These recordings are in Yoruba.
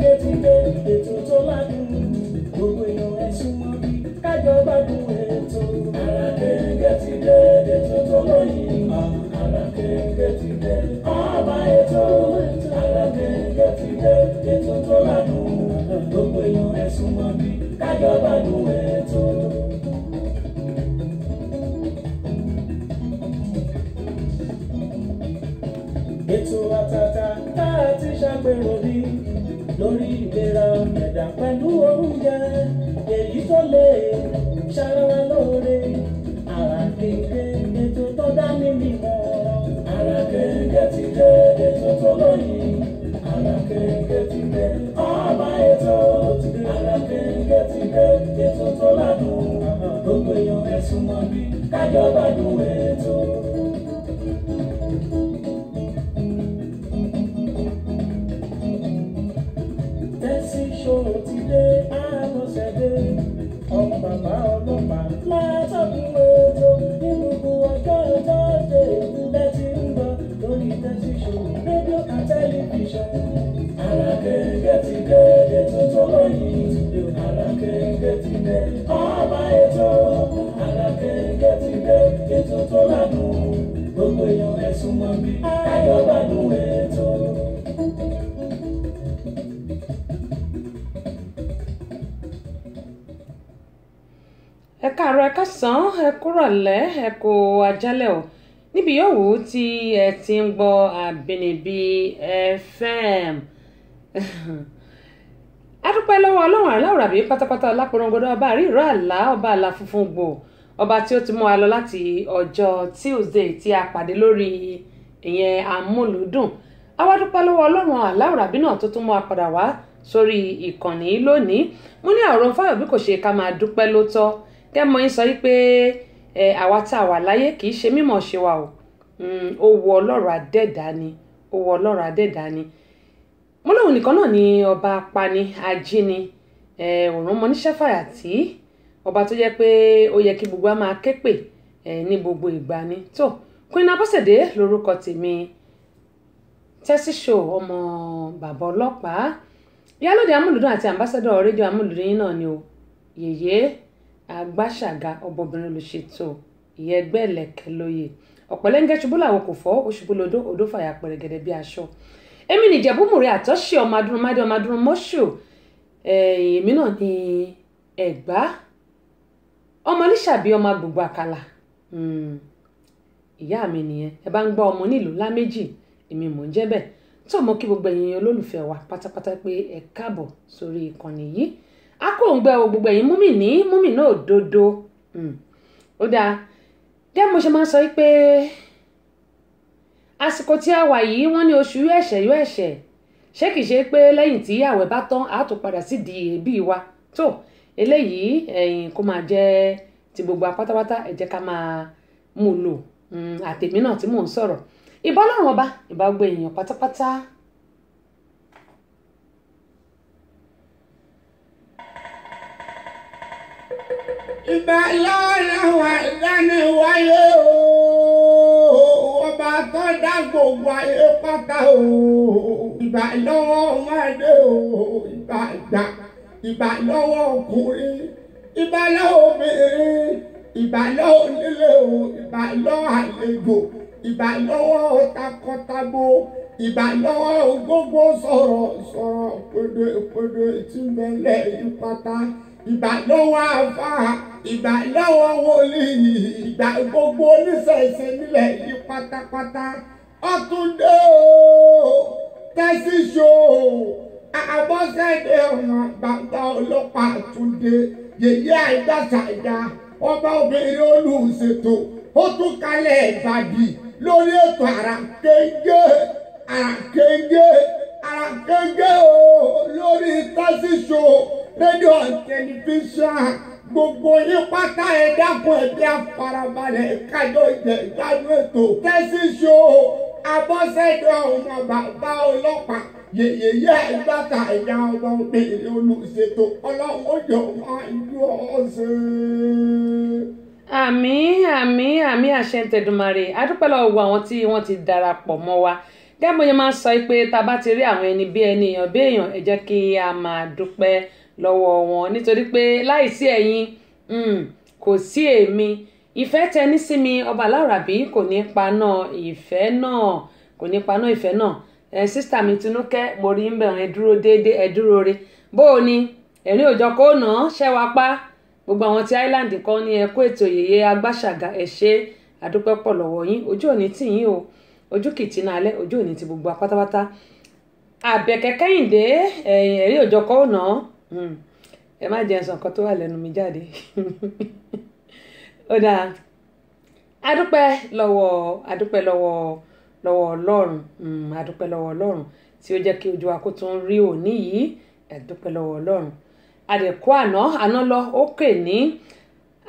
Gbẹ́dígbé ètò tó ládùn, gbogbo èèyàn ẹ súnmọ́ bí kájọ gbádùn ètò. Àràkéńgé ti dé ètò tó lóyìn. Àràkéńgé ti dé ọba ètò. Àràkéńgé ti dé ètò tó ládùn, gbogbo èèyàn ẹ súnmọ́ bí kájọ gbádùn ètò. Ètò àtàtà tá a ti ṣàgbéró ní lórí ìlera ẹ̀dá pẹ̀lú oúnjẹ èyí tó lè ṣara wa lóore ara kéńké ètò tó dá ní mímọ́. ara kéńké ti dé ètò tó lóyìn ara kéńké ti dé ọba ètò ara kéńké ti dé ètò tó lánàá gbogbo èèyàn ẹ̀sùn mọ́ bí kájọba dùn ẹ̀. ńlẹ́ ẹ kú ajálẹ̀ o níbi yòówù tí ẹ ti ń gbọ́ àbínibí fm adúpẹ́ lọ́wọ́ ọlọ́run aláwòrán bíi pátápátá ọlápọ̀rọ̀ngodọ́ ọba àríra àlá ọba àlá funfun gbò ọba tí ó ti mú wa lọ láti ọjọ́ tuesday tí a pàdé lórí ìyẹn amúlùdùn àwa dúpẹ́ lọ́wọ́ ọlọ́run aláwòrán bíi náà tó tún mú wa padà wá sórí ìkànnì lónìí mo ní àrùn fáyọ̀ bí kò ṣe ká máa dúpẹ́ ló tọ́ yín sọ wípé àwa tá a wà láyé kì í ṣe mímọ̀ ṣe wa o mm, ó wọ ọlọ́run adẹ́dá ni ó wọ ọlọ́run ni mo lóun nìkan náà ni ọba apani ajíni ọ̀run mọ ní ṣẹ́fàyà ọba tó jẹ́ pé ó yẹ kí gbogbo a máa ké pè ní gbogbo ìgbà ni tó Queen Abọ́sẹ̀dé lórúkọ tèmi tẹ́sí ṣò ọmọ bàbá ọlọ́pàá ìyálóde amúlùdún àti ambassador rédíò amúlùdún yìí náà ni o yèyé àgbàṣàgà ọmọbìnrin olùṣètò ìyẹn ẹgbẹ́ ẹ̀lẹ́kẹ́ lóye ọ̀pẹ̀lẹ́ngẹ́ ṣubú làwọn kò fọ́ òṣùbù lodó odó fàyà pẹ̀rẹ̀gẹ̀dẹ̀ bí aṣọ èmi nìjẹ̀bú mùrẹ́ àtọ́ṣe ọmọ adúrúnmáde ọmọ adúrúnmọ́ṣù èmi náà ní ẹ̀gbá ọmọ oníṣàbí ọmọ gbogbo àkàlà hmm, ìyá mi nìyẹn ẹ bá ń gbọ́ ọmọ nílùú láméjì èmi mò ń jẹ́ bẹ́ẹ̀ tó mọ́ kí gbogbo ẹ̀yin olólùfẹ́ wa pátápátá pé ẹ káàbọ̀ sórí ìkànnì yìí akóńgbẹ o gbogbo ẹ̀yin múmi ní múmi náà dodo, hmm. ó dáa dẹ́ mo ṣe máa sọ pé àsìkò tí a wà yìí wọ́n ní oṣù yóò ẹ̀ṣẹ̀ yóò ẹ̀ṣẹ̀ ṣé kìí ṣe pé lẹ́yìn tí àwẹ̀ bá tán a tún padà sí di èébì wa tó eléyìí ẹ̀yìn kó máa jẹ́ ti gbogbo apátápátá ẹ ká máa mú lò hmm, àtèmi náà tí mò ń sọ̀rọ̀ ìbá Ọlọ́run ọba ìbá gbogbo pátápátá ìgbà lọ́la wà ìdániwáyé o ọba tó dá gbogbo ayé pátá o ìgbà lọ́wọ́ ọmọdé o ìgbà ìgbà ìgbà lọ́wọ́ ọkùnrin ìgbà lọ́wọ́ obìnrin ìgbà lọ́wọ́ onílé o ìgbà lọ́wọ́ sọ̀rọ̀ sọ̀rọ̀ pèdèpèdè tí mẹ́lẹ̀ yí ìgbà lọ́wọ́ àfà ìgbà lọ́wọ́ wòlíì ìgbà gbogbo oníṣẹ̀ṣe nílẹ̀ yìí pátápátá ọ̀túndé o tẹ́sí ṣó o àbọ̀sẹ̀dé ọ̀nà bàbá ọlọ́pàá túndé yèyé àìdáṣàdá ọba obìnrin olùṣètò ó tún kalẹ̀ ìbàdí lórí ètò àràkéńgé àràkéńgé àkéjé o lórí tásíṣò rédíò tẹlifíṣàn gbogbo yín pátá ẹ dákun ẹbí àfarabalẹ̀ kájọ jẹ ìgbádùn ètò tẹsíṣò abọ́sẹ̀dọ̀ ọmọ bàbá ọlọ́pàá yèyèyé ìgbàta ìyá ọmọ obìnrin olùṣètò ọlọ́run ó jọ wọn ju ọ̀sẹ̀. àmín àmín àmín àṣẹ ń tẹdùmarè adúpẹ́ lọ́wọ́ àwọn tí wọ́n ti darapọ̀ mọ́ wa gẹ́gẹ́ bó ṣe máa ń sọ pé tá a bá ti rí àwọn ẹni bí ẹni èèyàn bí èèyàn ẹ jẹ́ kí a máa dúpẹ́ lọ́wọ́ wọn nítorí pé láìsí ẹ̀yin hmm, kò sí èmi ìfẹ́ tẹni sí mi ọba alárabí kò ní paná ìfẹ́ náà kò ní paná ìfẹ́ náà ẹ sísítà mi tinúkẹ́ mo rí ń bẹ̀rẹ̀ dúró déédéé ẹ dúró re bó o ní ẹ̀rín òjọ kó nà án ṣẹ́wàá pa gbogbo àwọn ti island kan ní ẹ ètò yèyé agbáṣàgà ẹ ṣe pọ̀ lọ́wọ́ yín ojú òní ọjọ́ kejì náà alẹ́ ọjọ́ òní ti gbogbo apátápátá àbẹ̀kẹ́ kẹ́hìndé ẹ̀yìn ẹ̀rí òjọ kọ́ ọ̀nà ẹ má jẹ́ nsàn kan tó wà lẹ́nu mi jáde ó dáa adúpẹ́ lọ́wọ́ adúpẹ́ lọ́wọ́ lọ́wọ́ ọlọ́run hmm, adúpẹ́ lọ́wọ́ ọlọ́run tí ó jẹ́ kí ojú wa kó tún rí òní yìí adúpẹ́ lọ́wọ́ ọlọ́run adẹ̀kọ́ àná àná lọ ó kè ní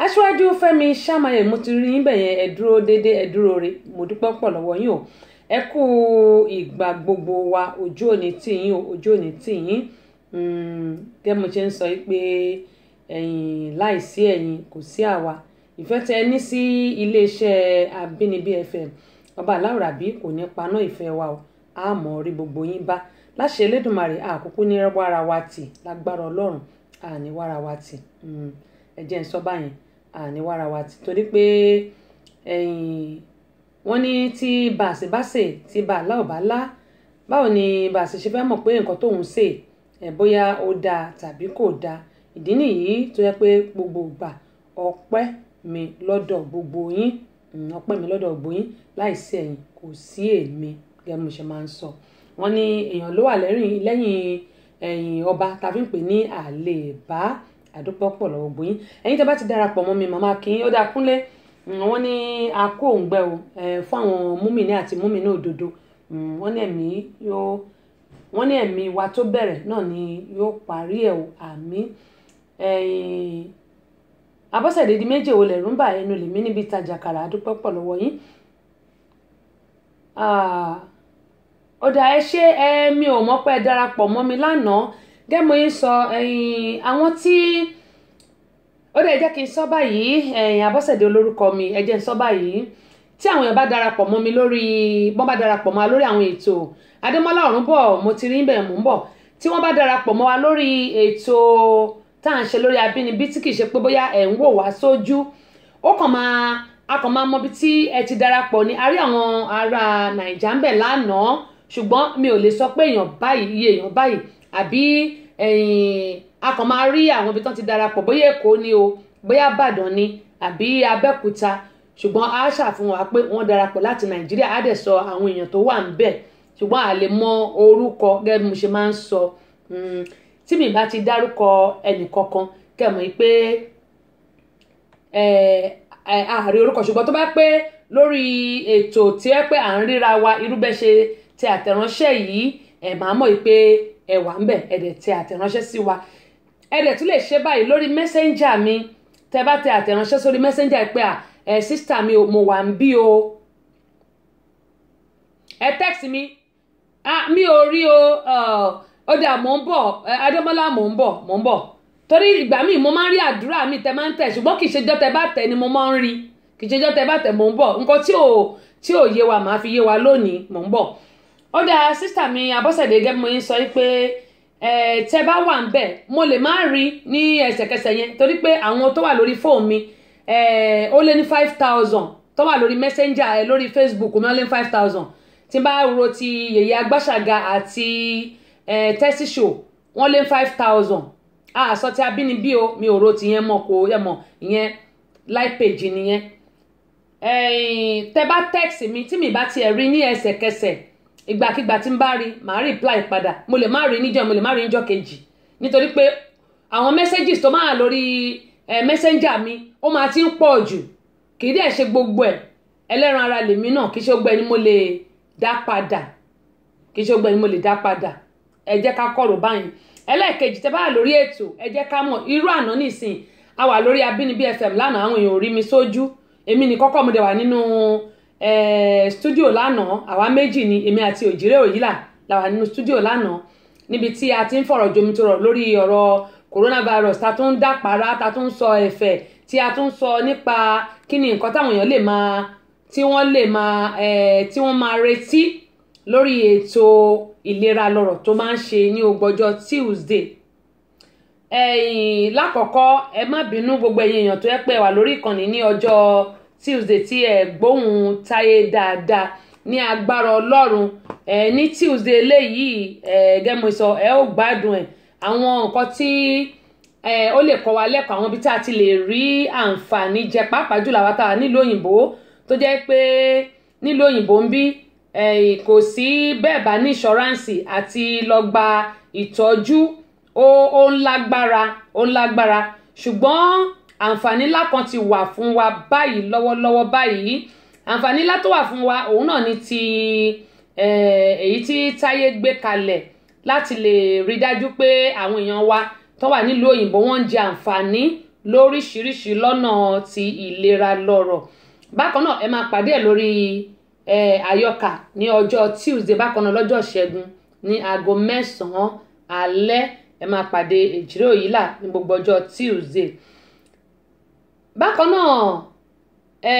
aṣíwájú fẹ́mi ṣàmáyé mo ti rí yín bẹ̀yẹn ẹ dúró dédé ẹ dúró re mo dúpẹ́ pọ̀ lọ́wọ́ yín o ẹ kú ìgbà gbogbo wa ojú òní tì yín o ojú òní tì yín hmm, gẹ́gẹ́ mo ṣe ń sọ pé ẹ̀yin láìsí ẹ̀yin kò sí àwa ìfẹ́ tẹ ní sí iléeṣẹ́ Àbínibí FM ọba aláwòrábí kò ní paná ìfẹ́ wa o àmọ́ rí gbogbo yín bá láṣẹ Elédùmarè àkókò ní wàrà wa tì lágbára Ọlọ́run àní wàrà wa tì hmm, ẹ jẹ́ n sọ báyẹn àníwárawàtì torí pé wọ́n ní tí bàṣẹ bàṣẹ tí bàálà ò bá lá báwo ni bàṣẹ ṣe fẹ́ mọ̀ pé nǹkan tóun ṣe bóyá ó dáa tàbí kò dáa ìdí nìyí tó yẹ pé gbogbo ìgbà ọpẹ́ mi lọ́dọ̀ gbogbo yín mm, ọpẹ́ mi lọ́dọ̀ gbogbo yín láìsí ẹ̀yin kò sí èmi gẹ́gẹ́ bí mo ṣe máa ń sọ wọ́n ní èèyàn ló wà lẹ́yìn ọba tá pè ní àlèbá àdúpọ̀ pọ̀ lọ́wọ́ gbóyin ẹ̀yin tẹ́ bá ti darapọ̀ mọ́ mi màmá kí ó dáa kúnlẹ̀ mm, wọ́n ní akó òǹgbẹ o fún àwọn múmìnì àti múmìnì òdodo mm, wọ́n ní ẹ̀mí yóò wọ́n ní ẹ̀mí wa tó bẹ̀rẹ̀ náà ni yóò parí ẹ̀ o àmín abọ́sẹ̀dé di méje wo lẹ̀rú ń bà ẹnu lèmi níbi ìtajà kàrà àdúpọ̀ pọ̀ lọ́wọ́ yín ọ̀dà ah, ẹ ṣé ẹ mi ò mọ̀ pé ẹ darapọ̀ mọ́ mi lánàá gẹ́mọ̀ yín sọ àwọn tí ó dẹ̀ jẹ́ kí n sọ báyìí Abọ́sẹ̀dé olórúkọ mi ẹ jẹ́ n sọ báyìí tí àwọn èèyàn bá darapọ̀ mọ́ mi lórí wọ́n bá darapọ̀ mọ́ wa lórí àwọn ètò Adémọ́lá Ọ̀rúnbọ̀ mo ti rí bẹ́ẹ̀ mò ń bọ̀ tí wọ́n bá darapọ̀ mọ́ wa lórí ètò tá à ń ṣe lórí Abínibí tí kìí ṣe pé bóyá ẹ̀ ń wò wá sójú ó kàn máa a kàn máa mọ ibi tí ẹ ti darapọ̀ ni a rí àwọn ará Nàìjà ń bẹ̀ lánàá ṣùgbọ́n mi ò lè sọ pé èèyàn báyìí iye èèyàn báyìí àbí a kàn máa rí àwọn ibi tán ti darapọ̀ bóyá èkó ni o bóyá àbàdàn ni àbí abẹ́òkúta ṣùgbọ́n a ṣàfihàn wa pé wọ́n darapọ̀ láti nàìjíríà á dẹ̀ sọ àwọn èèyàn tó wà ń bẹ̀ ṣùgbọ́n a lè mọ orúkọ gẹ́gẹ́ bí mo ṣe máa ń sọ hmm, tí mi bá ti dárúkọ ẹnì kankan kẹ́mọ̀ pé ààrẹ orúkọ ṣùgbọ́n tó bá pé lórí ètò tí ẹ pé à ń ríra wa irúbẹ́ṣe tí àtẹ̀ránṣẹ́ yìí ẹ̀ máa mọ̀ pé ẹ wà ń bẹ̀ ẹ dẹ̀ tẹ àtẹ̀ránṣẹ́ sí wa ẹ dẹ̀ tún lè ṣe báyìí lórí mẹ́sẹ́ńjà mi tẹ bá tẹ àtẹ̀ránṣẹ́ sórí mẹ́sẹ́ńjà pé à ẹ sísítà mi mo wà ń bí o ẹ tẹ́ẹ̀sì mi ah mi ò rí o ó dà mò ń bọ̀ adémọ́lá mò ń bọ̀ mò ń bọ̀ torí ìgbà míì mo máa ń rí àdúrà mi tẹ máa ń tẹ̀ ṣùgbọ́n kì í ṣe jọ́ tẹ bá tẹ̀ ni mo máa ń rí kì í ṣe jọ́ tẹ bá tẹ̀ mò ń bọ̀ nǹkan tí ò tí ò yé wa màá fi yé wa lónìí mò ń bọ̀ ó dáa sísítà mi abọ́sẹ̀dé gẹ́gbọ́n yín sọ pé tẹ bá wà ń bẹ̀ mo lè má rí ní ẹsẹ̀kẹsẹ̀ yẹn torí pé àwọn tó wà lórí fóònù mi ó lé ní five thousand tó wà lórí messenger ẹ lórí facebook mi ó lé ní five thousand tí n bá ro ti yèyé agbáṣàga àti tẹ́sí show wọ́n lé ní five thousand àsọ ti abínibí o mi ò ro ti yẹn mọ̀ kó yẹ mọ̀ ìyẹn like page nìyẹn tẹ bá text mi tí mi bá tiẹ̀ rí ní ẹsẹ̀kẹsẹ̀ ìgbàkigbà tí n bá rí màá reply padà mo lè má rí níjọ́ mo lè má rí níjọ́ kejì nítorí pé àwọn messages tó máa lórí ẹ eh, messenger mi ó máa ti ń pọ̀ jù kì í dẹ̀ ṣe gbogbo ẹ̀ ẹlẹ́ran ara lèmi náà kì í ṣe gbogbo ẹni mo lè dá padà kì í ṣe gbogbo ẹni mo lè dá padà ẹ jẹ́ ká kọ̀rọ̀ báyìí ẹlẹ́ẹ̀kejì tẹ́ bá wà lórí ètò ẹ jẹ́ ká mọ̀ irú àná nìsín a wà lórí Abínibí FM lánàá àwọn èèyàn ò rí mi sójú èmi ní mo dẹ̀ wà nínú. Eh, studio lánàá àwa méjì ni èmi àti òjìrè òyìlà làwà nínú studio lánàá níbi tí a ti ń fọ̀rọ̀ jomitoro lórí ọ̀rọ̀ coronavirus ta tún ń dàpárá ta tún ń sọ ẹ̀fẹ̀ tí a tún ń sọ nípa kí ni nǹkan táwọn èèyàn lè máa tí wọ́n lè máa eh, tí wọ́n máa retí lórí ètò ìlera lọ́rọ̀ tó máa ń ṣe ní ogbọ́jọ́ Tuesday ẹ̀yìn lákọ̀ọ́kọ́ ẹ má bínú gbogbo ẹ̀yin èèyàn tó yẹ pé wà lórí ìkànnì ní ọjọ́ tuesday tí ẹ gbóhùn táyé dáadáa ní agbára ọlọ́run ẹ ní tuesday eléyìí ẹ gẹ́mọ̀ sọ ẹ ó gbádùn ẹ àwọn nǹkan tí ẹ ó lè kọ́ wa lẹ́kọ̀ọ́ àwọn ibi tí a ti lè rí àǹfààní jẹ pàápàá jùlọ àwa tá a nílùú òyìnbó tó jẹ́ pé nílùú òyìnbó ń bí kò sí bẹ́ẹ̀ bá ní ìṣọ́ránsì àti lọ gba ìtọ́jú ó ń lágbára ó ń lágbára ṣùgbọ́n àǹfààní ńlá kan ti wà fún wa báyìí lọ́wọ́lọ́wọ́ báyìí àǹfààní ńlá tó wà fún wa òun náà ni ti èyí tí táyé gbé kalẹ̀ láti lè rí dájú pé àwọn èèyàn wa tó wà nílùú òyìnbó wọ́n ń jẹ àǹfààní lóríṣiríṣi lọ́nà ti ìlera lọ́rọ̀ bákan náà ẹ máa pàdé ẹ lórí àyọkà ní ọjọ́ Tuesday bákan náà lọ́jọ́ Ṣẹ́gun ní aago mẹ́sàn-án alẹ́ ẹ máa pàdé ìjíròrò yìí ní gbogbo ọjọ́ Tuesday bákan náà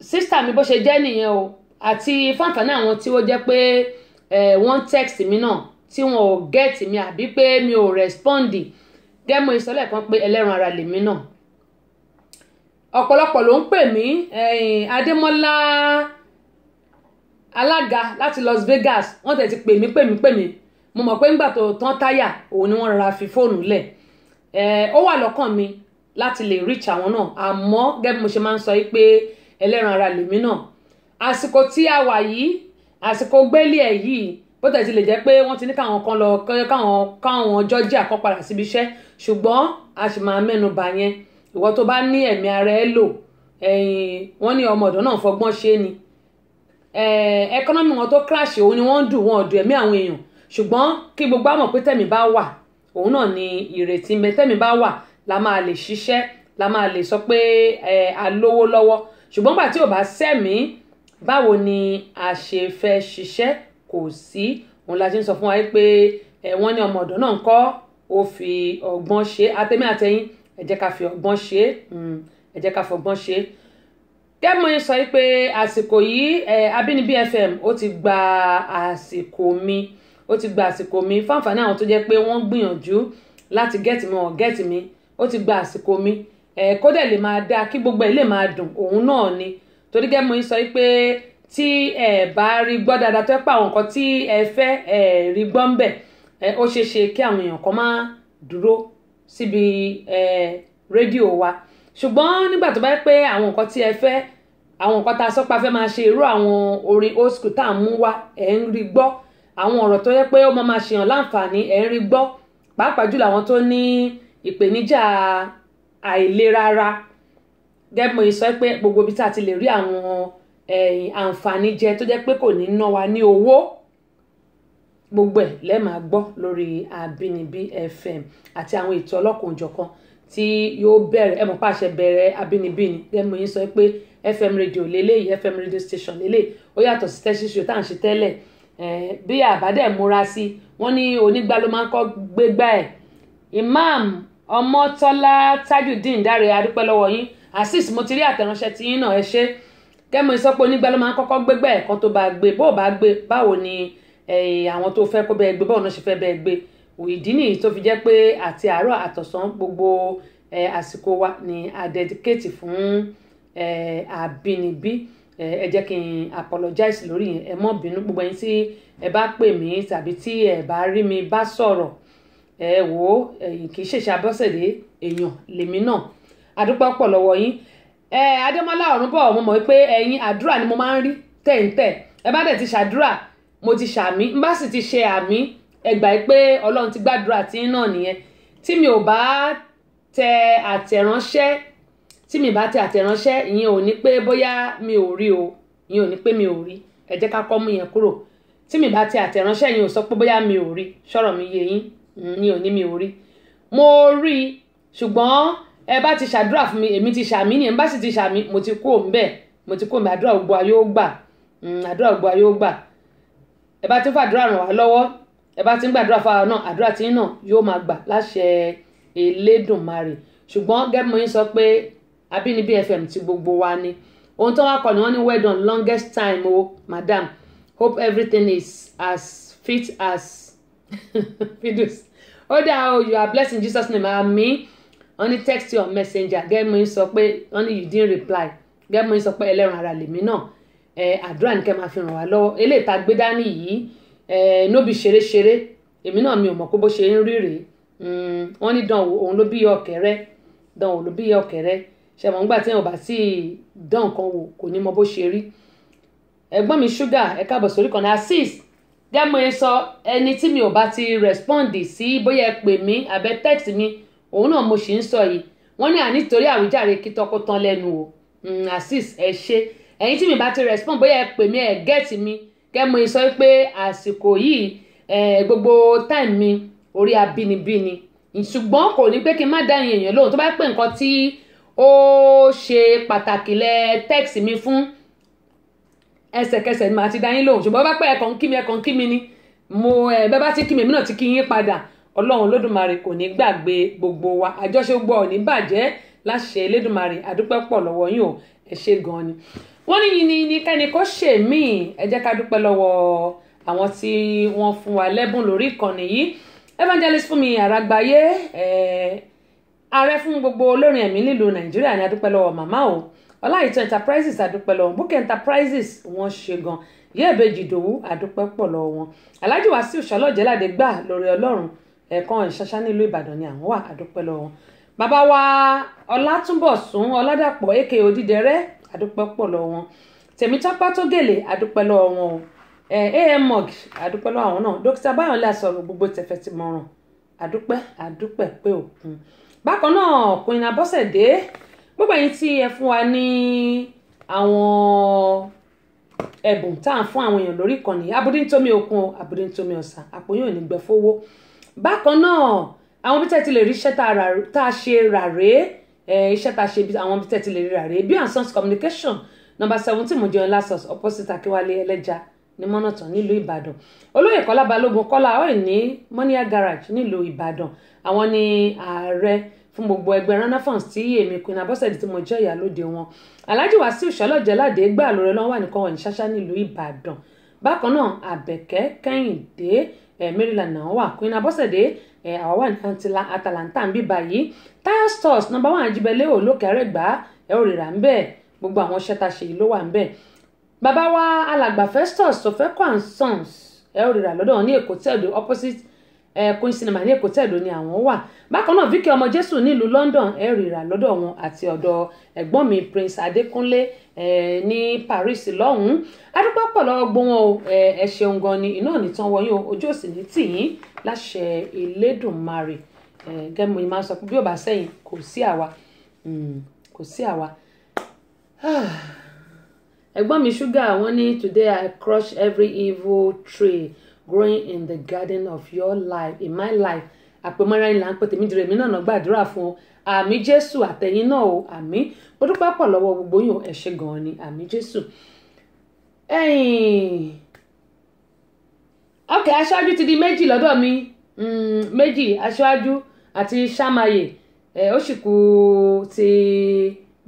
sísítà mi bó ṣe jẹ́ nìyẹn o àti fàǹfààní àwọn tí ó jẹ́ pé wọ́n text mi náà tí wọn ò get mi àbí pé mi ò respond gẹ́mọ ìsọlẹ̀ kan pé ẹlẹ́ran ara lèmi náà ọ̀pọ̀lọpọ̀ ló ń pè mí Adémọ́lá alága láti Las Vegas wọ́n tẹ̀ ti pè mí pè mí pè mí mo mọ̀ pé ńgbà tó tán táyà òun ni wọ́n rọra fi fóònù lẹ̀ ó wà lọ́kàn mi láti lè reach àwọn náà àmọ́ gẹ́gẹ́ bí mo ṣe máa ń sọ yìí pé ẹlẹ́ran ara lèmi náà àsìkò tí a wà yìí àsìkò gbélé ẹ̀ yìí bó tẹ̀ lè jẹ́ pé wọ́n ti ní káwọn kan lọ káwọn káwọn jọ́jà kan padà síbi iṣẹ́ ṣùgbọ́n a sì máa mẹ́nu bà yẹn ìwọ tó bá ní ẹ̀mí ara ẹ lò wọ́n ní ọmọ ọ̀dọ́ náà fọgbọ́n ṣe ni ẹkọ́nọ́mì wọn tó crash òun ni wọ́n ń dùn wọn ọ̀dùn ẹ̀mí àwọn èèyàn ṣùgbọ́n kí gbogbo àmọ̀ pé tẹ̀mí bá wà òun náà ni ìrètí mẹ bá wà la máa lè ṣiṣẹ́ la máa lè sọ pé ẹ a lówó lọ́wọ́ ṣùgbọ́n gbà tí ò bá sẹ́mi báwo ni a ṣe fẹ́ ṣiṣẹ́ kò sí òun la ṣe ń sọ fún wa pé ẹ wọ́n ní ọmọ ọ̀dọ́ náà ń kọ́ ó fi ọgbọ́n ṣe àtẹ̀mí àtẹ̀yìn ẹ jẹ́ ká fi ọgbọ́n ṣe hmm, ẹ jẹ́ ká fọgbọ́n ṣe kẹ́mọ̀ yín sọ pé àsìkò yìí Àbínibí FM ó ti gba àsìkò mi ó ti gba àsìkò mi fáǹfààní àwọn tó jẹ́ pé wọ́n gbìyànjú láti gẹ́ẹ̀tì mi wọ́n ó ti gba àsìkò mi ẹ kó dẹ̀ lè máa dáa kí gbogbo ẹ̀ lè máa dùn òun náà ni torí gẹ́gẹ́ mo ń sọ pé tí ẹ bá rí gbọ́ dáadáa tó ẹ pa àwọn nǹkan tí ẹ fẹ́ ẹ rí gbọ́ ń bẹ̀ ẹ ó ṣeé ṣe kí àwọn èèyàn kan má dúró síbi ẹ rédíò wa ṣùgbọ́n nígbà tó bá yẹ pé àwọn nǹkan tí ẹ fẹ́ àwọn nǹkan tá a sọ́pá fẹ́ máa ṣe irú àwọn orin old school tá à ń mú wá ẹ̀ ń rí gbọ́ àwọn ọ̀rọ̀ tó yẹ pé ó máa ṣèyàn láǹfààní ẹ̀ ń rí gbọ́ pàápàá jùlọ àwọn tó ní ìpèníjà àìlera ara gẹ́gẹ́ mo sọ pé gbogbo ibi tá a ti lè rí àwọn eh, àǹfààní jẹ tó jẹ́ pé kò ní ná wa ní owó gbogbo ẹ̀ lẹ́ẹ̀ gbọ́ lórí Àbínibí FM àti àwọn ètò ọlọ́kùnjọ̀kan tí yóò bẹ̀rẹ̀ ẹ mọ̀ pa àṣẹ bẹ̀rẹ̀ Àbínibí ni gẹ́gẹ́ mo sọ pé FM radio lélẹ́yìí FM radio station lélẹ́yìí ó yàtọ̀ sí tẹ́síṣù tá à ń ṣe tẹ́lẹ̀ eh, bí àbádẹ́ múra sí wọ́n ní onígbà ló máa ń kọ́ gbégbá ẹ̀ Imam ọmọtọ́lá tajudeen dáre adúpẹ́ lọ́wọ́ yín asis mo ti rí àtẹ̀ránṣẹ́ tí yín náà ẹ ṣe kẹ́mi sọ pé onígbà ló máa ń kọ́kọ́ gbégbá ẹ̀ kan tó bá gbé bó bá gbé báwo ni àwọn tó fẹ́ kó bẹ́ẹ̀ gbé báwo náà ṣe fẹ́ bẹ́ẹ̀ gbé ìdí nìyí tó fi jẹ́ pé àti àárọ̀ àtọ̀sán gbogbo àsìkò wa ni a dedicate fún àbínibí ẹ jẹ́ kí n apologize lórí yẹn ẹ mọ́ bínú gbogbo ẹni tí ẹ bá pè mí tàbí tí ẹ bá rí mi bá sọ̀rọ̀ ẹ wò ó ẹ̀yìn kì í ṣèṣe abọ́sẹ̀dé èèyàn lèmi náà àdúpọ̀ pọ̀ lọ́wọ́ yín ẹ adémọlá ọ̀rúnbọ̀ mo mọ̀ pé ẹ̀yin àdúrà ni mo máa ń rí tẹ̀ǹtẹ̀ ẹ bá dẹ̀ ti ṣàdúrà mo ti ṣàmí n bá sì ti ṣe àmì ẹ gbà yí pé ọlọ́run ti gbàdúrà tí ń náà nìyẹn tí mi ò bá tẹ àtẹ̀ránṣẹ́ tí mi bá tẹ àtẹ̀ránṣẹ́ ìyẹn ò ní pé bóyá mi ò rí o ìyẹn ò ní pé mi ò rí ẹ jẹ́ ká kọ́ mú yẹn kúrò tí mi bá tẹ àtẹ̀ránṣẹ́ yẹn ò sọ pé bóyá mi ò rí sọ̀rọ̀ mi yé yín mi ò ní mi ò rí mo rí ṣùgbọ́n ẹ bá ti ṣàdúrà fún mi èmi ti ṣàmì ni ẹ bá sì ti ṣàmì mo ti kúrò ń bẹ̀ mo ti kúrò ń bẹ̀ àdúrà gbogbo ayé ó gbà hmm, àdúrà gbogbo ayé ó gbà ẹ bá ti ń fàdúrà ràn wá lọ́wọ́ ẹ bá ti ń gbàdúrà fáwọn náà àdúrà tí náà yóò máa gbà láṣẹ Elédùmarè ṣùgbọ́n gẹ́gbọ́n yín sọ pé Abínibí FM ti gbogbo wa ni ohun tó wá kọ ni wọ́n ní well done longest time o oh, madam hope everything is as fit as fidus ó dáa o you are blessed in Jesus name àmín wọ́n ní text your messenger gẹ́gẹ́ mi sọ pé wọ́n ní you didn't reply gẹ́gẹ́ mi sọ pé ẹlẹ́ran ara lèmi náà àdúrà ní kẹ́ máa fi ràn wá lọ́wọ́ eléyìí tá gbé dání yìí nóbi ṣeré-ṣeré èmi náà mi ò mọ̀ pé bó ṣe ń rí rèé hmm, wọ́n ní dán òun ló bí ọ̀kẹ́rẹ́ dán òun ló bí ọ̀kẹ́rẹ́ ṣẹ̀mọ̀ ńgbà tí wọn bá sì dán nǹkan wò kò ní mọ bó ṣe rí ẹ̀gbọ́n mi ṣúgà ẹ káàbọ̀ sórí kan ní assist dẹ́mọ̀ ẹ sọ ẹni tí mi ò bá ti rẹ́spọ́ǹdì sí bóyá ẹ pè mí àbẹ tẹ́ẹ̀tì mi òun náà mo sì ń sọ yìí wọ́n ní àní torí àwíjàre kí tọ́kọ tán lẹ́nu o mm, azeez ẹ ṣe ẹ̀yin tí mi bá ti rẹ́spọ́ǹdì bóyá ẹ pè mí ẹ gẹ́ẹ̀tì mi dẹ́mọ̀ ẹ sọ pé àsìkò yìí gbogbo táìmù mi orí abínibíni ṣùgbọ́n kò ní pé kí n má dá èèyàn lóhùn tó bá pè nǹkan tí ó ṣe pàtàkì lẹ tẹ́ẹ̀tì mi fún ẹsẹ̀kẹsẹ̀ ni màá ti dá yín lóhùn ṣùgbọ́n bá pẹ́ ẹ̀kọ́ ń kí mi ẹ̀kọ́ ń kí mi ni mo ẹ̀ bẹ́ẹ̀ bá ti kí mi èmi náà ti kí yín padà ọlọ́run lódùmarè kò ní gbàgbé gbogbo wa àjọṣe gbọ́ ọ̀ ní bàjẹ́ láṣẹ lódùmarè àdúpẹ́ pọ̀ lọ́wọ́ yín o ẹ ṣe gan ni. wọ́n ní yìí ni kẹ́ni kó ṣe míì ẹ jẹ́ ká dúpẹ́ lọ́wọ́ àwọn tí wọ́n fún wa lẹ́bùn lórí ìkànnì yìí evangelist Fúnmi Àràgbáyé ààrẹ fún gbogbo olórin ẹ̀mí nílùú Nàìjíríà ní àdúpẹ́ lọ́wọ́ màmá o ọláyìntàn enterprises àdúpẹ́ lọ́wọ́ búkẹ́ enterprises wọ́n ṣe gan yẹ́ẹ̀bẹ́jì ìdòwú àdúpẹ́ pọ̀ lọ́wọ́ wọn alhaji wasiu ṣàlọ́jẹ́láde gbà lórí ọlọ́run ẹ̀ẹ̀kan ìṣàṣà nílùú ìbàdàn ni àwọn wà àdúpẹ́ lọ́wọ́ bàbá wa ọlátúnbọ̀sún ọládàpọ̀ èkè òdìdẹrẹ́ àdúpẹ́ pọ̀ lọ́wọ́ wọn tèmítápá tó gèlè àdúpẹ́ lọ́wọ́ wọn o ammog àdúpẹ́ lọ́wọ́ àwọn náà dókítà báyọ̀lá sọ̀rọ̀ gbogbo tẹ̀fẹ̀tìmọ̀ràn àdúpẹ́ àdúpẹ́ pé òkun bákan náà gbogbo ẹ̀yin tí ẹ fún wa ní àwọn ẹ̀bùn tá à ń fún àwọn èèyàn lórí ìkànnì abúdíntómi òkun abúdíntómi ọ̀sán àpò yóò ní gbẹ fowó bákan náà àwọn bí tẹ́tí lè rí iṣẹ́ tá a ṣe rà rèé iṣẹ́ tá a ṣe àwọn bí tẹ́tí lè rí rà bí ansans communication number seventeen mojoyan lasos opposite akíwálé ẹlẹ́ja ní mọ́nàtàn nílùú ìbàdàn olóyè kọ́lá balógun kọ́lá ọ̀ẹ́ ní mọ́níyà garage nílùú ìbàdàn àwọn ni ààrẹ fún gbogbo ẹgbẹ́ ranafans tí èmi Queen Abọ́sẹ̀dé tí mo jẹ́ ìyálóde wọn Alhaji Wasiu Ṣọlọ́jẹ́ládé gbà lóore lọ́wọ́ wà nìkan wọ̀nyí ṣáṣá nílùú Ìbàdàn bákan náà Àbẹ̀kẹ́ Kẹ́hìndé eh, Maryland náà wà Queen Abọ́sẹ̀dé eh, àwọn wà ní Atalanta ń bí báyìí Tire Stores number one Ajibẹlẹ̀ Olókèrègbà ẹ̀ ò rírà ń bẹ́ẹ̀ gbogbo àwọn ṣẹ́ta ṣe yìí ló wà wa alàgbà Festus Sofeko and Sons ẹ̀ ò rírà lọ́dọ̀ ní Èkó tẹ̀dọ̀ ẹ̀ẹ́kùn eh, sinimá ní èkó tẹ̀lú ni àwọn wà bákan náà Vicky ọmọ Jésù nílùú London ẹ̀ rírà lọ́dọ̀ wọn àti ọ̀dọ̀ ẹ̀gbọ́n mi Prince adekunle ẹ̀ eh, ní Paris lọ́hùn-ún adúpọ̀ pọ̀ lọ́wọ́ gbọ́n o eh, ẹ̀ ṣeun gan ni iná nìtàn wọ̀nyí o ojú òsì ní tìyín láṣẹ Elédùmarè ẹ̀ gẹ́mu ni máa sọ pé bí ò bá sẹ́yìn kò sí àwa hmm, kò sí àwa ẹ̀gbọ́n mi ṣúgà wọ́n ní today I crush every evil tree growing in the garden of your life in my life àpèmọ́ra ńlá ń pè tèmi dìrò èmi náà náà gbàdúrà fún àmì jésù àtẹ̀yìn náà o àmì mo dúpẹ́ pọ̀ lọ́wọ́ gbogbo yín ẹ ṣé gan-an ni àmì jésù. ok aṣáájú ti di méjì lọ́dọ̀ mi hmm, méjì aṣáájú àti ṣàmàyè ó sì kú ti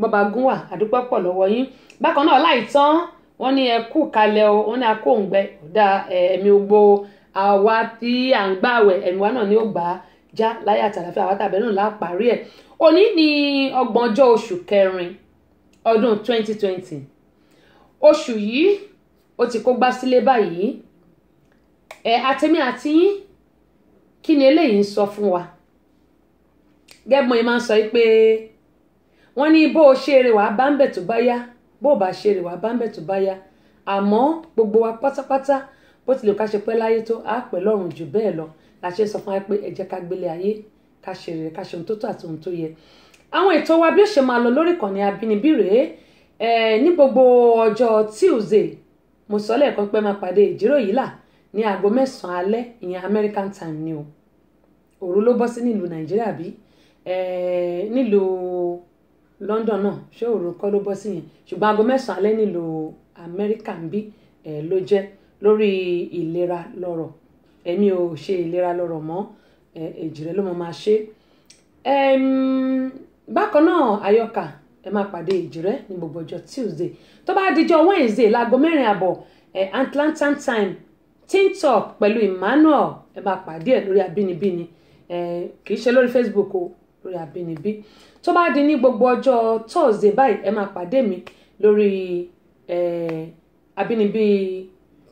bọ́ba gúnwà àdúpẹ́ pọ̀ lọ́wọ́ yín bákan náà láì tán wọ́n ní ẹ kú o wọ́n ní akóǹgbẹ ọ̀dà ẹ̀mí gbogbo àwa tí à ń gbààwẹ̀ ẹ̀mí wa náà ni ó gbà á já láyé àtàlàfẹ́ àwa tàbẹ́ náà lápárí ẹ̀ òní ni ọgbọ̀njọ́ oṣù kẹrin ọdún 2020 oṣù yìí ó ti kó gbá sílé báyìí ẹ àtẹ̀mí àti yín kí ni eléyìí ń sọ fún wa gẹ́gbọ́n yìí máa ń sọ pé wọ́n ní bó o ṣe eré wàá bá ń bẹ̀ tó bá yá bó bá ṣe rè wá bá ń bẹ̀ tó bá yá àmọ́ gbogbo wa pátápátá bó tilẹ̀ ká ṣe pẹ́ láyé tó á pẹ́ lọ́rùn jù bẹ́ẹ̀ lọ la ṣe sọ fún wa pé ẹ ká gbélé ayé ká ṣe rere ká ṣe ohun tó tọ́ àti ohun tó yẹ. àwọn ètò wa bí ó ṣe máa lọ lórí ìkànnì abínibí rèé ní gbogbo ọjọ́ Tuesday mo sọ lẹ́ẹ̀kan pé máa pàdé ìjíròrò yìí là ní aago mẹ́sàn-án alẹ́ ìyẹn American time ni o òru ló bọ́ sí nílùú Nàìjíríà bí nílùú London náà ṣé òru kọ́ ló bọ́ sí yẹn ṣùgbọ́n aago mẹ́sàn-án alẹ́ nílùú Amẹ́ríkà ń bí ẹ̀ ló jẹ́ lórí ìlera lọ́rọ̀ èmi ò ṣe ìlera lọ́rọ̀ mọ́ èjìrẹ́ ló máa ṣe bákan náà àyọkà ẹ máa pàdé ìjìrẹ́ ní gbogbo ọjọ́ tuesday tó bá dijọ́ wednesday láago mẹ́rin àbọ̀ Atlanta time teen talk pẹ̀lú emmanuel ẹ máa pàdé ẹ lórí abínibíni kì í ṣe lórí facebook o lórí Àbínibí tó bá di ní gbogbo ọjọ́ Thursday báyìí ẹ máa pàdé mi lórí Àbínibí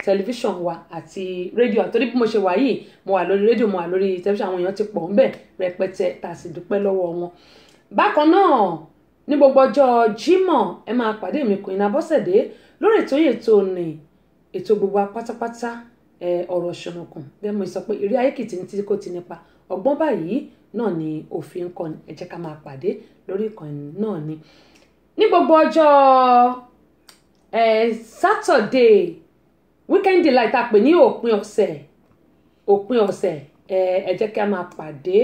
tẹlifíṣàn wa àti rédíò àtòrí bí mo ṣe wà yìí mo wà lórí rédíò mo wà lórí tẹlifíṣàn àwọn èèyàn ti pọ̀ ńbẹ̀ rẹpẹtẹ tá a sì dúpẹ́ lọ́wọ́ wọn. bákan náà ní gbogbo ọjọ́ Jímọ̀ ẹ máa pàdé mi Queen Abọ́sẹ̀dé lórí ètò ètò ní ètò gbogbo apátápátá ọ̀rọ̀ ṣùnùkùn bẹ́ẹ̀ mo sọ pé eré ayé kìtì kò ti nípa ọgbọ́n báyìí náà ni òfin kọ́ ni ẹ jẹ́ ká máa pàdé lórí ìkànnì náà ni. ní gbogbo ọjọ́ Saturday weekend delight tá a pè ní òpin ọ̀sẹ̀ òpin ọ̀sẹ̀ ẹ jẹ́ ká máa pàdé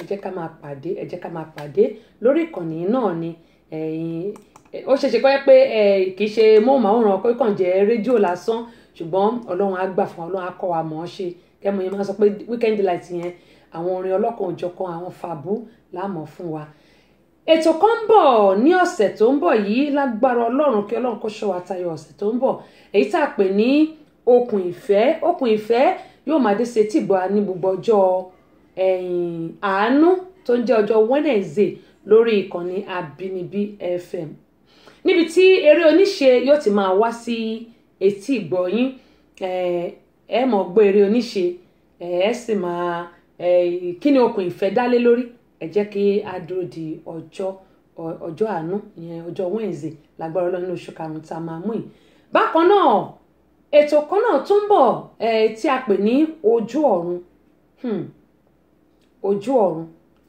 ẹ jẹ́ ká máa pàdé ẹ jẹ́ ká máa pàdé lórí ìkànnì náà ni ó ṣeéṣe kọ́ pé kì í ṣe móhùnmáwòrán ọkọ̀ ìkàn jẹ́ rédíò lásán ṣùgbọ́n ọlọ́run á gbà fún ọlọ́run á kọ́ wa mọ̀ ọ́ ṣe kẹ́mu yẹn máa sọ pé weekend delight yẹn àwọn orin ọlọ́kan òjọ̀kan àwọn fàbú láàmú fún wa ètò kan ń bọ̀ ní ọ̀sẹ̀ tó ń bọ̀ yìí lágbára ọlọ́run kí ọlọ́run kó ṣọ́ wa tayọ ọ̀sẹ̀ tó ń bọ̀ èyí tá a pè ní okùn ìfẹ́ okùn ìfẹ́ yóò máa dé sétí ìgbà ní gbogbo ọjọ́ àánú tó ń jẹ́ ọjọ́ Wednesday lórí ìkànnì Àbínibí FM níbi tí eré oníṣe yóò ti máa wá sí etí ìgbọ̀yín ẹ mọ̀ gbọ́ eré oníṣe ẹ sì máa kí ni okùn ìfẹ́ dálé lórí ẹ jẹ́ kí a dúró di ọjọ́ ọjọ́ àánú ìyẹn ọjọ́ Wednesday lágbára ọlọ́run oṣù karùn-ún tá a máa mú yìí bákan náà ètò kan náà tún ń bọ̀ tí a pè ní ojú ọ̀run hmm, ojú ọ̀run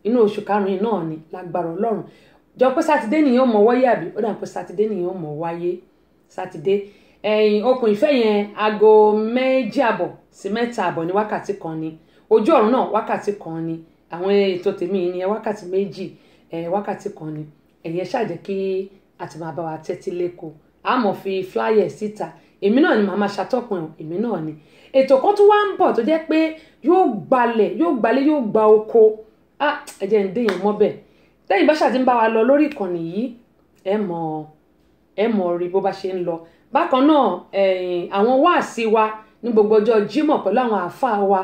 inú oṣù karùn-ún náà ni lágbára ọlọ́run jọ pé sátidé nìyẹn ò mọ̀ wáyé àbí ó dàn pé sátidé nìyẹn ò mọ̀ wáyé sátidé ẹ̀yìn ìfẹ́ yẹn aago méjì àbọ̀ sí mẹ́ta àbọ̀ ní wákàtí kan ni ojú ọ̀run náà wákàtí kan ni àwọn ètò tèmi ni wákàtí méjì wákàtí kan ni ẹ̀yẹ ṣàjẹ́ kí àti máa bá wa tẹ́tí lẹ́kọ̀ọ́ a mọ̀ fi flyer síta èmi náà ni màá máa ṣàtọ́kùn èmi náà ni ètò kan tó wá ń bọ̀ tó jẹ́ pé yóò gbalẹ̀ yóò gbalẹ̀ yóò gba oko ah ẹ̀jẹ̀ ń dèyàn mọ́bẹ̀ tẹ́yìn bá ṣàti bá wa lọ lórí ìkànnì yìí ẹ mọ̀ ẹ mọ̀ rí bó bá ṣe ń lọ bákan náà àwọn wáàsí wa ní gbogbo ọjọ́ Jímọ̀ pẹ̀lú àwọn àáfàá wa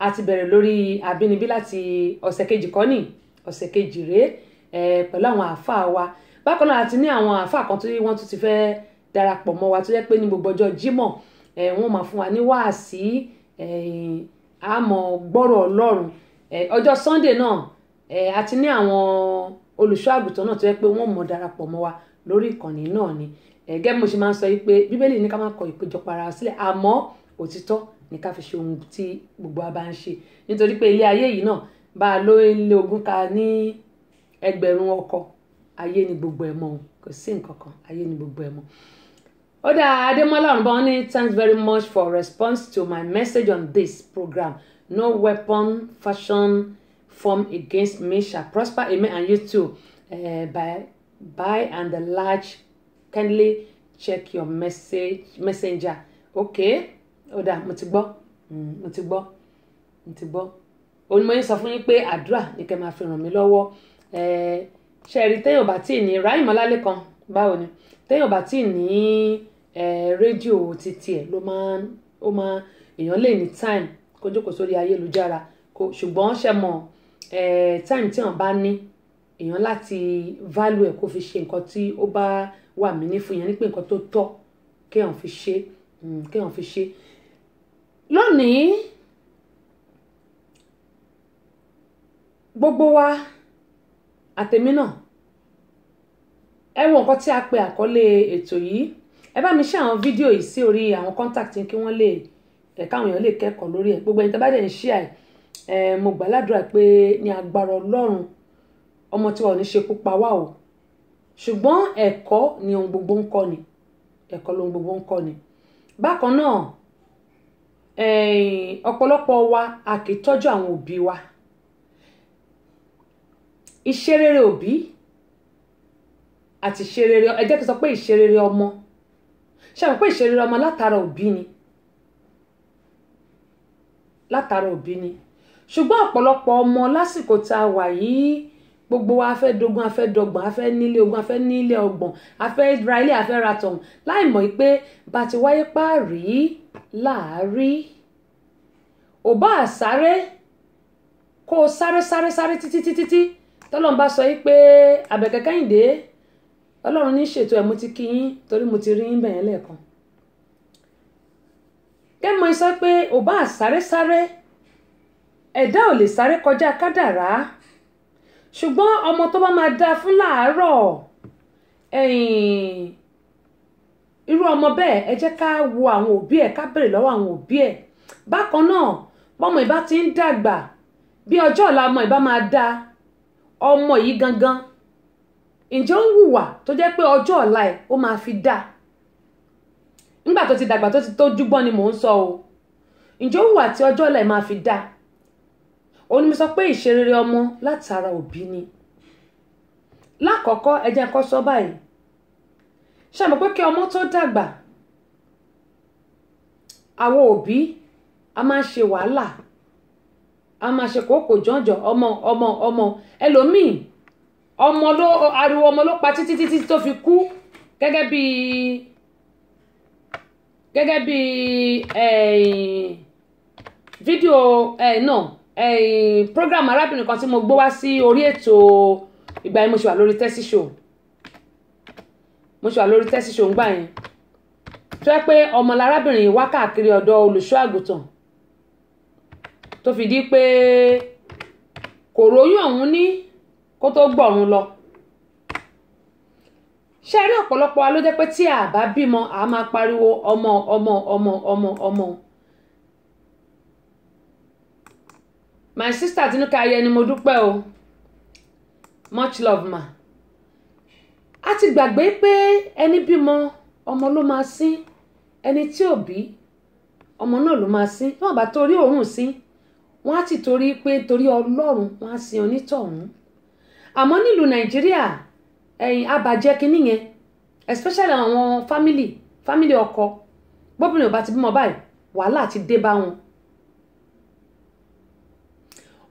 a ti bẹ̀rẹ̀ lórí àbínibí láti ọ̀sẹ̀ kejì kọ́ ní ọ̀sẹ̀ kejì rèé pẹ̀lú àwọn àáfàá wa bákan náà a ti ní àwọn àáfàá kan tó wọ́n tún ti fẹ́ darapọ̀ mọ́ wa tó yẹ pé ní gbogbo ọjọ́ Jímọ̀ wọ́n máa fún wa ní wáàsí àmọ́ gbọ́rọ̀ Ọlọ́run ọjọ́ Sunday náà a ti ní àwọn olùṣọ́ àgùntàn náà tó yẹ pé wọ́n mọ̀ darapọ̀ mọ́ wa lórí ìkànnì náà ni gẹ́gẹ́ bí mo ṣe máa ń sọ yìí pé Bíbélì ní ká má kọ ìpéjọpọ̀ ara sílẹ̀ àmọ́ òtítọ́ ni ká fi ṣe ohun tí gbogbo wa bá ń ṣe nítorí pé ilé ayé yìí náà bá a ló lé ogún ká ní ẹgbẹ̀rún ọkọ ayé ni gbogbo ẹ̀ mọ́ kò sí nǹkan ayé ni gbogbo ẹ̀ mọ́. ó dá adémọ́lá ọ̀nbọ́n ní thanks very much for response to my message on this program no weapon fashion form against me shall prosper amen and you too uh, by by and large kindly check your message messenger okay ó dáa mo ti gbọ́ mm. mo ti gbọ́ mo ti gbọ́ òun mo yín sọ fún yín pé àdúrà ni kẹ́ máa fi ràn mí lọ́wọ́ ṣẹ̀rí téèyàn bá tí ì ní ráìmọ́ lálẹ́ kan báwo ni téèyàn bá tí ì ní rédíò títí ẹ̀ ló máa ó máa èèyàn lè ní time kó jókòó sórí ayélujára kó ṣùgbọ́n ṣe mọ̀ time tí wọ́n bá ní èèyàn láti value ẹ̀ kó fi ṣe nǹkan tí ó bá wà mí ní fún yẹn ní pé nǹkan tó tọ́ kéèyàn fi ṣe mm, kéèyàn fi ṣe lónìí gbogbo wa àtèmi náà ẹ wo nǹkan tí a pè àkọlé ètò yìí ẹ bá mi ṣe àwọn fídíò yìí sí orí àwọn contact kí wọ́n lè ẹ̀ka àwọn èèyàn lè kẹ́kọ̀ọ́ lórí ẹ̀ gbogbo ẹni a bá dẹ̀ ń ṣí àì ẹ̀ mo gbàládùra pé ní agbára ọlọ́run ọmọ tí wọn ò ní ṣekú pa wá o ṣùgbọ́n ẹ̀kọ́ ni ohun gbogbo ń kọ́ ni ẹ̀kọ́ lohun gbogbo ń kọ́ ni bákan náà ọ̀pọ̀lọpọ̀ wa a kì í tọ́jú àwọn òbí wa ìṣerere òbí àti ìṣerere ẹ jẹ́ kí n sọ pé ìṣerere ọmọ ṣe àwọn pé ìṣerere ọmọ látara òbí ni látara òbí ni ṣùgbọ́n ọ̀pọ̀lọpọ̀ ọmọ lásìkò tá a wà yìí gbogbo wa fẹ́ dogun a dọgbọ̀n a nílé ogún a nílé ọgbọ̀n a ra ilé a ra tọ̀hún láì mọ̀ pé bá ti wáyé páàrí láàárí ò bá a sáré kó o sáré sáré sáré títí títí tí tọ́lọ́run bá sọ yìí pé Àbẹ̀kẹ́ Kẹ́hìndé ọlọ́run ní ṣètò ẹ̀ mo ti kí yín torí mo ti rí yín bẹ̀yẹn lẹ́ẹ̀kan kẹ́mọ̀ sọ pé ò bá a sáré sáré ẹ̀dá ò lè sáré kọjá kádàrá ṣùgbọ́n ọmọ tó bá máa dáa fún làárọ̀ ẹ̀yìn irú ọmọ bẹ́ẹ̀ ẹ jẹ́ ká wo àwọn òbí ẹ̀ ká béèrè lọ́wọ́ àwọn òbí ẹ̀ bákan ti ń dàgbà bí ọjọ́ ọ̀la ọmọ ìbá máa da ọmọ yìí gangan ǹjẹ́ ó ń je tó jẹ́ pé ọjọ́ ọ̀la ẹ̀ ó máa fi da nígbà ti dàgbà tó ti tó júgbọ́n ni mò ń sọ o ǹjẹ́ ó ti tí ọjọ́ ọ̀la ẹ̀ máa fi da òun ni mo sọ pé ìṣerere ọmọ látara ni lákọ̀ọ́kọ́ ẹ jẹ́ sọ báyìí ṣe mọ̀ pé kí ọmọ tó dàgbà àwọn òbí a máa ṣe wàhálà a máa ṣe kókò jọjọ ọmọ ọmọ ọmọ ẹlòmíì ọmọ ló ariwo ọmọ ló pa títí títí tó fi kú gẹ́gẹ́ bí gẹ́gẹ́ bí fídíò náà program arábìnrin kan tí mo gbọ́ wá sí orí ètò ìgbà yẹn mo ṣe wà lórí tẹ́sí show mo ṣe wà lórí tẹ́sí ṣòǹgbà yẹn tó yẹ pé ọmọ lárábìnrin wá káàkiri ọ̀dọ̀ olùṣọ́ àgùntàn tó fi di pé kò róyún ọ̀hún ní kó tó gbọ̀run lọ ṣe rí ọ̀pọ̀lọpọ̀ wa ló jẹ́ pé tí a bá bímọ a máa pariwo ọmọ ọmọ ọmọ ọmọ ọmọ my sister Tinuka ayẹni mo dúpẹ́ o much love ma a ti gbàgbé pé ẹni bímọ ọmọ ló máa sín ẹni tí ò bí ọmọ náà ló máa sín bí wọn bá torí òórùn sín wọn á ti torí pé torí Ọlọ́run wọn á sin onítọ̀hún àmọ́ nílùú Nàìjíríà ẹ̀yìn abàjẹ́ kínní yẹn especially àwọn family family ọkọ gbọ́bìnrin ò bá ti bímọ báyìí wàhálà ti dé bá wọn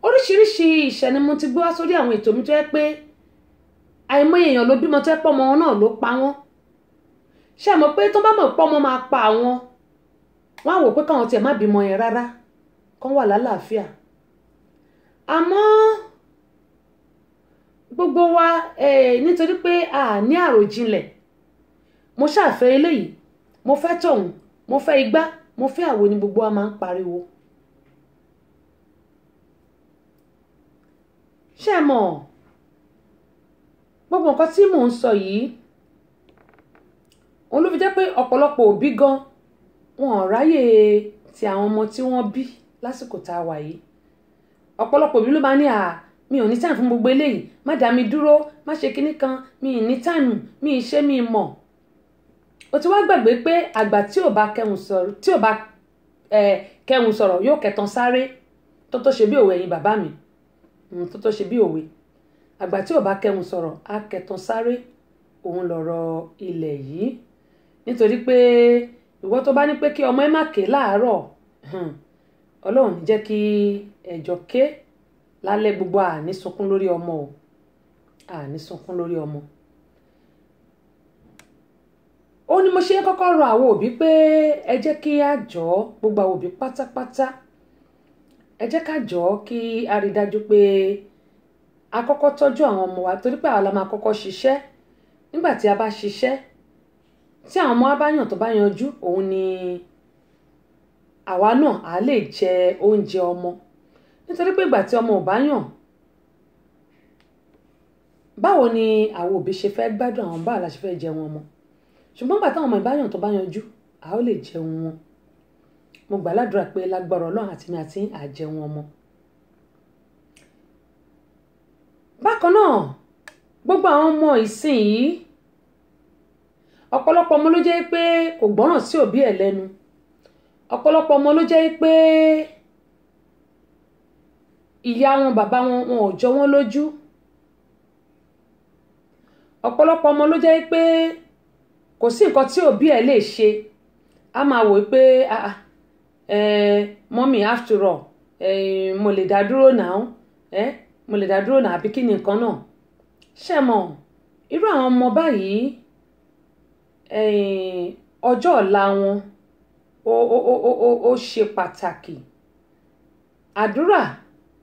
oríṣiríṣi ìṣẹ̀ni mo ti gbọ́ wá sórí àwọn ètò mi tó yẹ pé àìmọye èèyàn ló bímọ tó ẹ pọ́mọ náà ló pa wọ́n ṣe mọ̀ pé tó bá mọ̀ pọ́mọ máa pa àwọn wọ́n á wò pé káwọn tiẹ̀ má bímọ yẹn rárá kán wà lálàáfíà àmọ́ gbogbo wa nítorí pé a ní àròjinlẹ̀ mo ṣàfẹ́ eléyìí mo fẹ́ tọ̀hún mo fẹ́ igbá mo fẹ́ àwo ni gbogbo wa máa ń pariwo. ṣé ẹ gbogbo nǹkan tí mò ń sọ yìí òun ló fi jẹ́ pé ọ̀pọ̀lọpọ̀ òbí gan wọn ò ráyè ti àwọn ọmọ tí wọ́n bí lásìkò tá a wà yìí ọ̀pọ̀lọpọ̀ òbí ló máa ní à mi ò ní time fún gbogbo eléyìí má dá mi dúró má ṣe kinní kan mi ì ní time mi ì ṣe mi ì mọ̀ o ti wá gbàgbé pé àgbà tí ò bá kẹhùn sọ̀rọ̀ tí ò bá kẹhùn sọ̀rọ̀ yóò kẹtan sáré tó tó ṣe bí òwe ẹ̀yin bàbá mi tó tó ṣe bí òwe àgbà tí ò bá kẹhùn sọ̀rọ̀ á kẹtàn sáré òun lọ̀rọ̀ ilẹ̀ yìí nítorí pé ìwọ tó bá ní pé kí ọmọ ẹ má ké láàárọ̀ ọlọ́run ní jẹ́ kí ẹ̀jọ̀ ké lálẹ́ gbogbo àní sunkún lórí ọmọ o àní sunkún lórí ọmọ. ó ní mo ṣe kọ́kọ́ rọ àwọn òbí pé ẹ jẹ́ kí a jọ gbogbo àwọn òbí pátápátá ẹ jẹ́ ká jọ kí a rí dájú pé a kọ́kọ́ tọ́jú àwọn ọmọ wa torí pé àwa la máa kọ́kọ́ ṣiṣẹ́ nígbà tí a bá ṣiṣẹ́ tí àwọn ọmọ wa bá yàn tó bá yanjú òun ni àwa náà á lè jẹ oúnjẹ ọmọ nítorí pé ìgbà tí ọmọ ò bá yàn báwo ni àwọn òbí ṣe fẹ́ gbádùn àwọn báwo la fẹ́ jẹun ọmọ ṣùgbọ́n bàtà ọmọ ìbáyàn tó bá yanjú a ó lè jẹun wọn mo gbà ládùúrà pé lágbára ọlọ́run àti mi àti àjẹun ọmọ bákan náà gbogbo àwọn ọmọ ìsìn yìí ọ̀pọ̀lọpọ̀ ọmọ ló jẹ́ pé kò gbọ́ràn sí òbí ẹ̀ lẹ́nu ọ̀pọ̀lọpọ̀ ọmọ ló jẹ́ pé ìyá wọn bàbá wọn wọn ò jọ wọn lójú ọ̀pọ̀lọpọ̀ ọmọ ló jẹ́ pé kò sí nǹkan tí òbí ẹ̀ lè ṣe a máa wò pé mọ́mì after all mo lè dá dúró náà mo lè dá dúró náà àbí kí ni nǹkan náà ṣe mọ̀ irú àwọn ọmọ báyìí ọjọ́ ọ̀la wọn ó ṣe pàtàkì àdúrà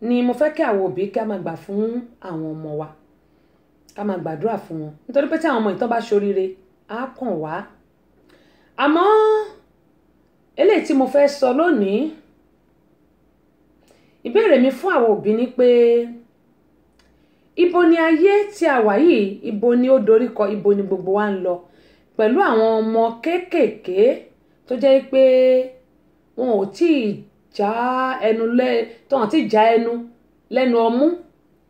ni mo fẹ́ kí àwọn òbí ká máa gbà fún àwọn ọmọ wa ká máa gbàdúrà fún wọn nítorí pé tí àwọn ọmọ ìtàn bá ṣoríire á kàn wá àmọ́ eléyìí tí mo fẹ́ sọ lónìí ìbéèrè mi fún àwọn òbí ni pé. Pe ibo ni ayé tí a wà yìí ibo ni ó doríkọ ibo ni gbogbo wa ń lọ pẹ̀lú àwọn ọmọ kéékèèké tó jẹ́ pé wọn ò tí ì já ẹnu lẹ́ tó hàn tí ì já ẹnu lẹ́nu ọmú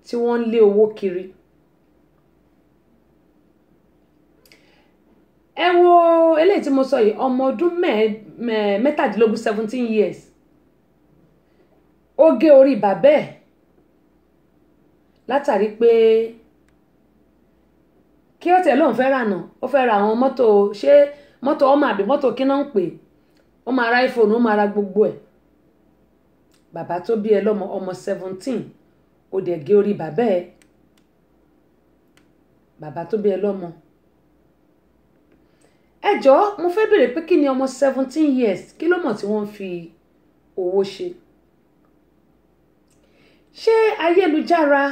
tí wọ́n ń lé owó kiri. ẹ wo eléyìí tí mo sọ yìí ọmọ ọdún mẹ́tàdínlógún seventeen years ó gé orí bàbá látàrí pé kí ó tẹ̀ lóun fẹ́ rà náà ó fẹ́ ra àwọn mọ́tò ṣé mọ́tò ọmọ àbí mọ́tò kíná ń pè ó máa ra iphone ó máa ra gbogbo ẹ̀ bàbá tó bí ẹ lọ́mọ ọmọ seventeen ó dẹ̀ gé orí bàbá ẹ bàbá tó bí ẹ lọ́mọ ẹ jọ̀ọ́ mo fẹ́ bèrè pé kí ni ọmọ seventeen years kí ló mọ̀ tí wọ́n fi owó ṣe ṣé ayélujára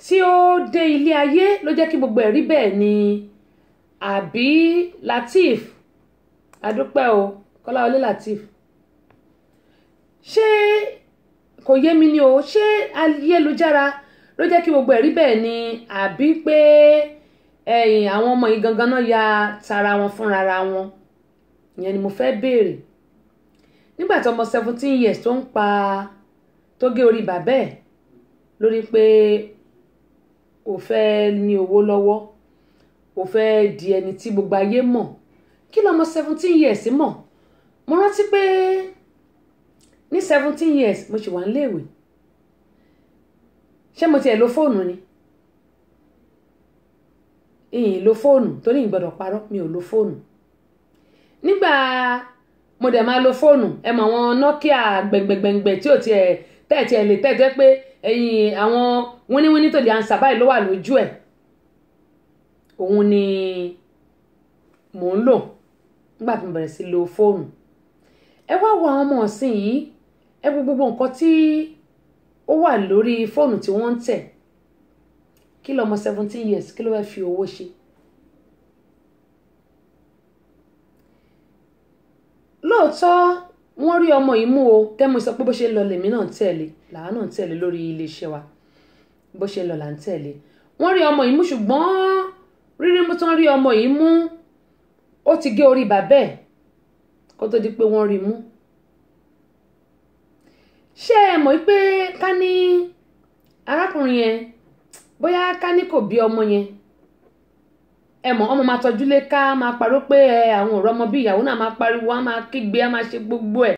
tí ó dé ilé ayé ló jẹ́ kí gbogbo ẹ̀ rí bẹ́ẹ̀ ni àbí Lateef adúpẹ́ o Kọ́láwọlé Lateef ṣé kò yé mi ni o ṣé ayélujára ló jẹ́ kí gbogbo ẹ̀ bẹ́ẹ̀ ni àbí pé ẹ̀yìn àwọn ọmọ yìí gangan náà ya tara wọn fúnra ra wọn ìyẹn ni mo fẹ́ béèrè nígbà tí ọmọ seventeen years tó ń pa tó gé orí bàbá ẹ̀ lórí pé o fẹ́ ní owó lọ́wọ́ o fẹ́ di ẹni tí gbogbo ayé mọ̀ kí lọ́mọ seventeen years mọ̀ mo rántí pé ní seventeen years mo ṣì wà níléèwé ṣé mo tiẹ̀ lo fóònù ni ìyìn lo fóònù torí ìgbọ́dọ̀ parọ́ mi ò lo fóònù nígbà mo dẹ̀ máa lo fóònù ẹ mọ̀ àwọn Nokia gbẹ̀ngbẹ̀ngbẹ̀ tí ò tiẹ̀ tẹ̀ tiẹ̀ lè tẹ̀ tẹ́ pé ẹ̀yìn àwọn wíníwíní tó di ansa báyìí ló wà lójú ẹ̀ òun ni mò ń lò nígbà tí mo bẹ̀rẹ̀ sí lo fóònù ẹ wá wo àwọn ọmọ ọ̀sìn yìí ẹ wo gbogbo nǹkan tí ó wà lórí fóònù tí wọ́n ń tẹ̀ kí lọ́mọ seventeen years kí ló fẹ́ fi owó ṣe. lóòótọ́ wọ́n rí ọmọ yìí mú o tẹ́mu sọ pé bó ṣe ń lọ lèmi náà ń tẹ̀lé làwa náà ń tẹ̀lé lórí iléeṣẹ́ wa bó ṣe ń lọ là ń tẹ̀lé wọ́n rí ọmọ yìí mú ṣùgbọ́n rírí mú tán rí ọmọ yìí mú ó ti gé orí bàbá ẹ̀ kó tó di pé wọ́n rí mú ṣé ẹ mọ̀ pé ká ní arákùnrin yẹn bóyá ká ní kò bí ọmọ yẹn ẹ mọ̀ ọmọ máa tọ́jú lé ká máa pariwo pé àwọn ò rọ́mọ bí ìyàwó náà máa pariwo á máa kígbe á máa ṣe gbogbo ẹ̀